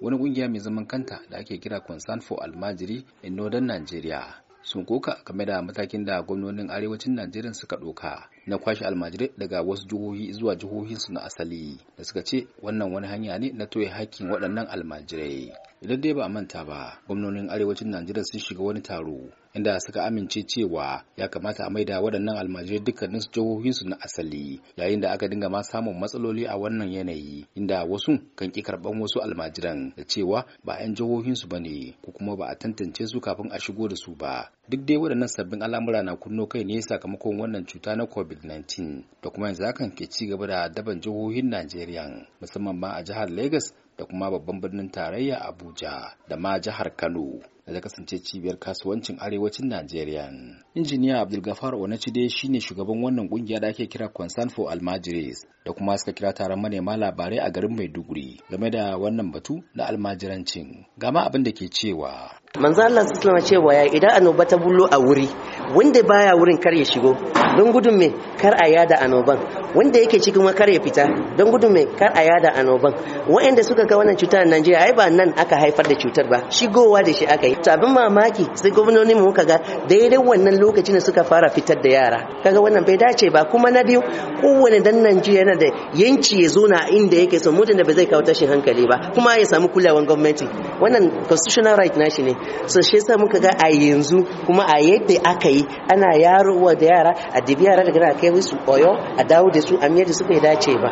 wani kungiya mai zaman kanta da ake kira concern for almajiri in northern nigeria sun koka game da matakin da gwamnonin arewacin najeriya suka ɗauka na kwashe almajirai daga wasu jihohi zuwa jihohinsu na asali da suka ce wannan wani hanya ne na toye hakkin waɗannan almajirai idan dai ba a manta ba gwamnonin arewacin najeriya sun shiga wani taro inda suka amince cewa ya kamata a maida waɗannan almajirai dukkanin su jihohinsu na asali yayin da aka dinga ma samun matsaloli a wannan yanayi inda wasu kan ki karɓan wasu almajiran da cewa ba 'yan jihohinsu ba ne ko kuma ba a tantance su kafin a shigo da su ba duk dai waɗannan sabbin al'amura na kunno kai ne sakamakon wannan cuta na covid-19 da kuma yanzu hakan ke ci gaba da daban jihohin najeriya musamman ma a jihar lagos da kuma babban birnin tarayya abuja da ma jihar kano da ta kasance cibiyar kasuwancin arewacin najeriya injiniya abdulgafar onachide shine shugaban wannan kungiya da ake kira concern for almajiris da kuma suka kira taron manema labarai a garin maiduguri game da wannan batu na almajirancin gama abin da ke cewa manzo Allah sallama cewa ya idan annoba ta bullo a wuri wanda baya wurin kar ya shigo don gudun me kar a yada annoban wanda yake cikin wa kar ya fita don gudun me kar a yada annoban waɗanda suka ga wannan cutar a Najeriya ai ba nan aka haifar da cutar ba shigowa da shi aka yi to mamaki sai gwamnoni mu kaga daidai wannan lokacin da suka fara fitar da yara kaga wannan bai dace ba kuma na biyu kowane dan Najeriya yana da yanci ya zo na inda yake so mutum da ba zai kawo tashin hankali ba kuma ya samu kulawan gwamnati wannan constitutional right shi ne so shi yasa muka ga a yanzu kuma a yadda aka yi ana yarowa da yara a dibi yara daga na kai su oyo a dawo da su a miyar da su bai dace ba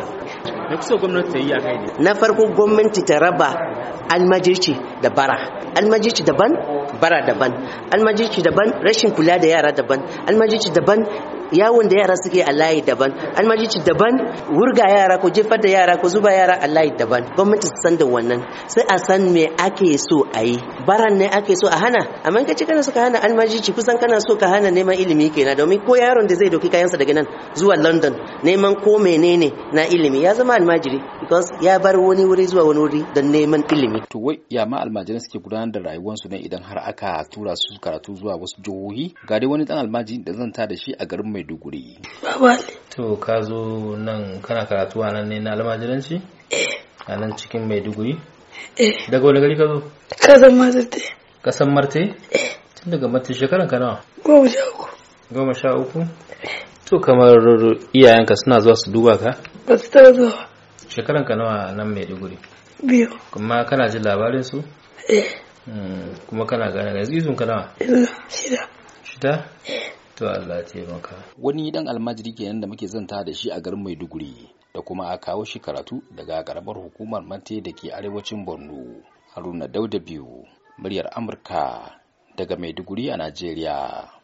na na farko gwamnati ta raba almajirci da bara almajirci daban bara daban almajirci daban rashin kula da yara daban almajirci daban yawon da yara suke a layi daban almajici daban wurga yara ko jefar da yara ko zuba yara a layi daban gwamnati su san da wannan sai a san me ake so a yi baran ne ake so a hana amma ka kana so ka hana almajici kusan kana so ka hana neman ilimi kenan domin ko yaron da zai doki kayansa daga nan zuwa london neman ko menene na ilimi ya zama almajiri because ya bar wani wuri zuwa wani wuri don neman ilimi to wai ya ma almajiran suke gudanar da su ne idan har aka tura su karatu zuwa wasu jihohi ga dai wani dan almajiri da zan ta da shi a garin maiduguri to ka zo nan kana karatu a nan ne na almajiranci eh. a nan cikin maiduguri eh. daga wani gari ka zo kasan marte kasan marte eh. tun daga marte shekaran ka nawa goma sha uku goma sha uku to kamar iyayenka suna zuwa su duba ka ba su taba zuwa shekaran ka nawa nan maiduguri biyu kuma kana jin labarin su hmm, kuma kana gane ga izun ka nawa shida shida eh to Allah taimaka wani dan almajiri kenan da muke zanta da shi a garin Maiduguri da kuma a kawo shi karatu daga karamar hukumar Mante da ke arewacin Borno Haruna Dauda biyu muryar Amurka daga Maiduguri a Najeriya